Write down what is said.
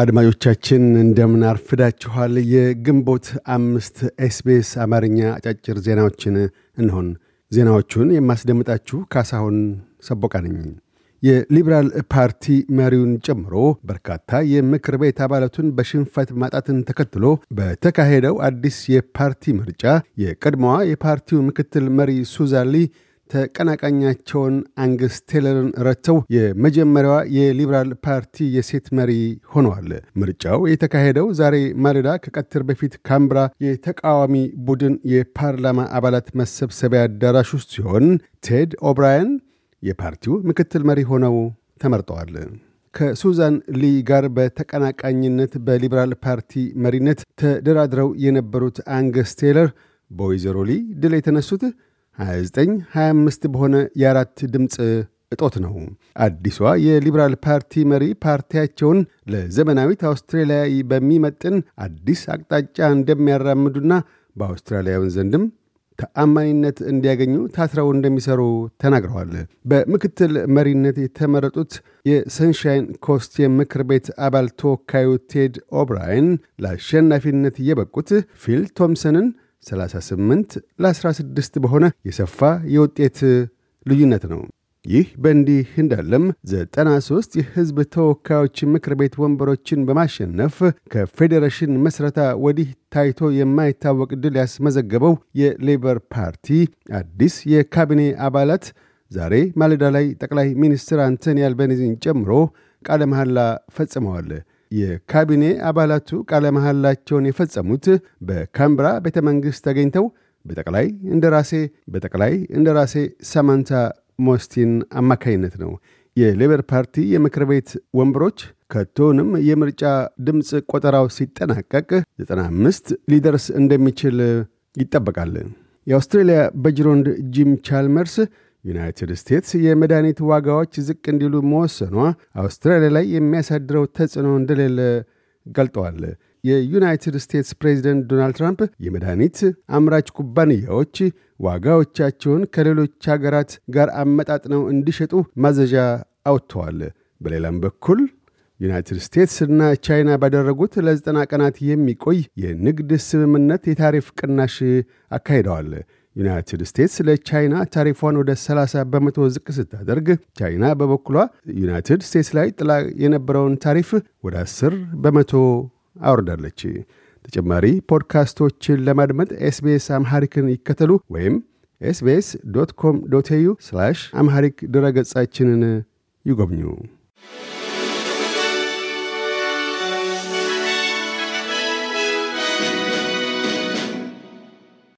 አድማጮቻችን እንደምን አርፍዳችኋል። የግንቦት አምስት ኤስቤስ አማርኛ አጫጭር ዜናዎችን እንሆን። ዜናዎቹን የማስደምጣችሁ ካሳሁን ሰቦቃ ነኝ። የሊበራል ፓርቲ መሪውን ጨምሮ በርካታ የምክር ቤት አባላቱን በሽንፈት ማጣትን ተከትሎ በተካሄደው አዲስ የፓርቲ ምርጫ የቀድሞዋ የፓርቲው ምክትል መሪ ሱዛሊ ተቀናቃኛቸውን አንግስ ቴለርን ረድተው የመጀመሪያዋ የሊበራል ፓርቲ የሴት መሪ ሆነዋል። ምርጫው የተካሄደው ዛሬ ማለዳ ከቀትር በፊት ካምብራ የተቃዋሚ ቡድን የፓርላማ አባላት መሰብሰቢያ አዳራሽ ውስጥ ሲሆን ቴድ ኦብራያን የፓርቲው ምክትል መሪ ሆነው ተመርጠዋል። ከሱዛን ሊ ጋር በተቀናቃኝነት በሊበራል ፓርቲ መሪነት ተደራድረው የነበሩት አንገስ ቴለር በወይዘሮ ሊ ድል የተነሱት 2925 በሆነ የአራት ድምፅ እጦት ነው። አዲሷ የሊበራል ፓርቲ መሪ ፓርቲያቸውን ለዘመናዊት አውስትራሊያ በሚመጥን አዲስ አቅጣጫ እንደሚያራምዱና በአውስትራሊያውን ዘንድም ተአማኒነት እንዲያገኙ ታትረው እንደሚሰሩ ተናግረዋል። በምክትል መሪነት የተመረጡት የሰንሻይን ኮስት የምክር ቤት አባል ተወካዩ ቴድ ኦብራይን ለአሸናፊነት የበቁት ፊል ቶምሰንን 38 ለ16 በሆነ የሰፋ የውጤት ልዩነት ነው። ይህ በእንዲህ እንዳለም 93 የሕዝብ ተወካዮች ምክር ቤት ወንበሮችን በማሸነፍ ከፌዴሬሽን መስረታ ወዲህ ታይቶ የማይታወቅ ድል ያስመዘገበው የሌበር ፓርቲ አዲስ የካቢኔ አባላት ዛሬ ማለዳ ላይ ጠቅላይ ሚኒስትር አንቶኒ አልባኒዚን ጨምሮ ቃለ መሐላ ፈጽመዋል። የካቢኔ አባላቱ ቃለ መሐላቸውን የፈጸሙት በካምብራ ቤተ መንግሥት ተገኝተው በጠቅላይ ራሴ በጠቅላይ እንደራሴ ሳማንታ ሞስቲን አማካይነት ነው። የሌበር ፓርቲ የምክር ቤት ወንበሮች ከቶንም የምርጫ ድምፅ ቆጠራው ሲጠናቀቅ 95 ሊደርስ እንደሚችል ይጠበቃል። የአውስትሬልያ በጅሮንድ ጂም ቻልመርስ ዩናይትድ ስቴትስ የመድኃኒት ዋጋዎች ዝቅ እንዲሉ መወሰኗ አውስትራሊያ ላይ የሚያሳድረው ተጽዕኖ እንደሌለ ገልጠዋል። የዩናይትድ ስቴትስ ፕሬዚደንት ዶናልድ ትራምፕ የመድኃኒት አምራች ኩባንያዎች ዋጋዎቻቸውን ከሌሎች ሀገራት ጋር አመጣጥነው እንዲሸጡ ማዘዣ አውጥተዋል። በሌላም በኩል ዩናይትድ ስቴትስ እና ቻይና ባደረጉት ለዘጠና ቀናት የሚቆይ የንግድ ስምምነት የታሪፍ ቅናሽ አካሂደዋል። ዩናይትድ ስቴትስ ለቻይና ታሪፏን ወደ 30 በመቶ ዝቅ ስታደርግ ቻይና በበኩሏ ዩናይትድ ስቴትስ ላይ ጥላ የነበረውን ታሪፍ ወደ 10 በመቶ አወርዳለች። ተጨማሪ ፖድካስቶችን ለማድመጥ ኤስቤስ አምሐሪክን ይከተሉ ወይም ኤስቤስ ዶት ኮም ዶት ኤዩ አምሐሪክ ድረገጻችንን ይጎብኙ።